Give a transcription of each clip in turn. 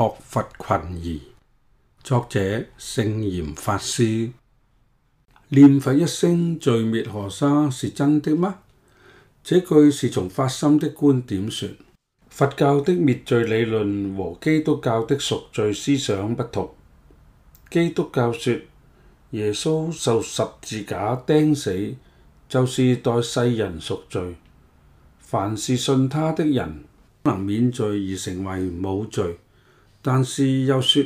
學佛群疑，作者聖嚴法師。念佛一聲，罪滅河沙，是真的嗎？這句是從發心的觀點說。佛教的滅罪理論和基督教的贖罪思想不同。基督教說耶穌受十字架釘死，就是代世人贖罪，凡是信他的人能免罪而成為無罪。但是又說，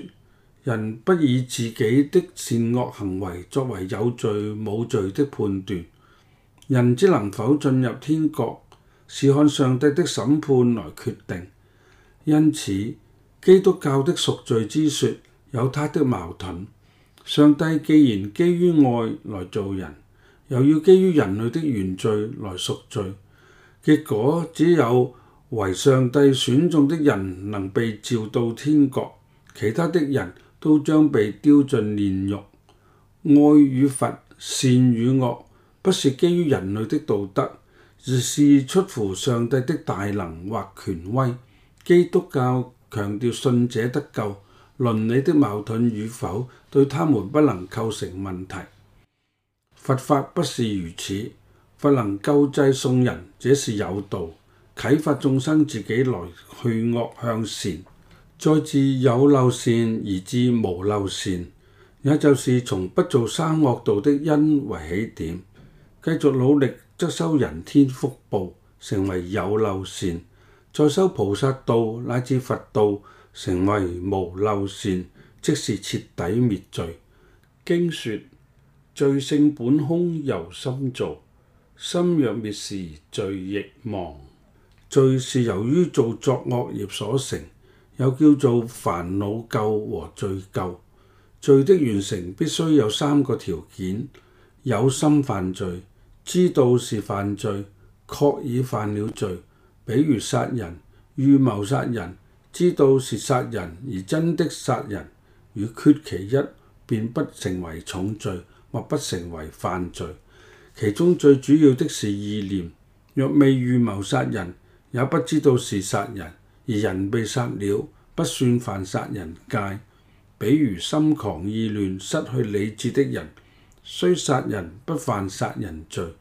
人不以自己的善惡行為作為有罪無罪的判斷，人之能否進入天國，是看上帝的審判來決定。因此，基督教的贖罪之說有它的矛盾。上帝既然基於愛來造人，又要基於人類的原罪來贖罪，結果只有。為上帝選中的人能被召到天國，其他的人都將被丟進煉獄。愛與佛，善與惡，不是基於人類的道德，而是出乎上帝的大能或權威。基督教強調信者得救，倫理的矛盾與否對他們不能構成問題。佛法不是如此，佛能救濟眾人，這是有道。啟發眾生自己來去惡向善，再自有漏善而至無漏善，也就是從不做三惡道的因為起點，繼續努力則修人天福報，成為有漏善，再修菩薩道乃至佛道，成為無漏善，即是徹底滅罪。經説：罪性本空由心造，心若滅時罪亦亡。罪是由於做作惡業所成，又叫做煩惱垢和罪垢。罪的完成必須有三個條件：有心犯罪、知道是犯罪、確已犯了罪。比如殺人、預謀殺人、知道是殺人而真的殺人，如缺其一，便不成為重罪或不成為犯罪。其中最主要的是意念，若未預謀殺人，也不知道是殺人，而人被殺了不算犯殺人戒。比如心狂意亂、失去理智的人，雖殺人不犯殺人罪。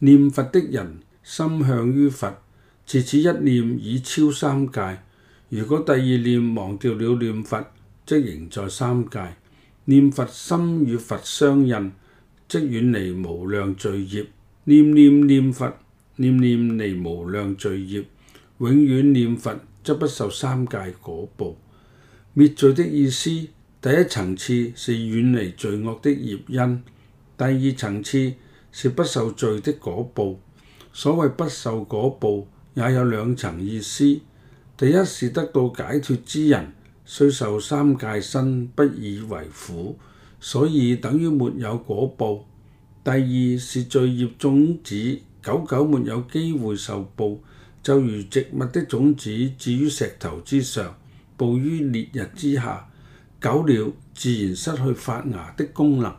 念佛的人心向於佛，自此一念已超三界。如果第二念忘掉了念佛，即仍在三界。念佛心與佛相印，即遠離無量罪孽。念念念佛。念念離無量罪業，永遠念佛則不受三界果報。滅罪的意思，第一層次是遠離罪惡的業因；第二層次是不受罪的果報。所謂不受果報，也有兩層意思：第一是得到解脫之人，雖受三界身，不以為苦，所以等於沒有果報；第二是罪業種子。久久沒有機會受報，就如植物的種子置於石頭之上，暴於烈日之下，久了自然失去發芽的功能。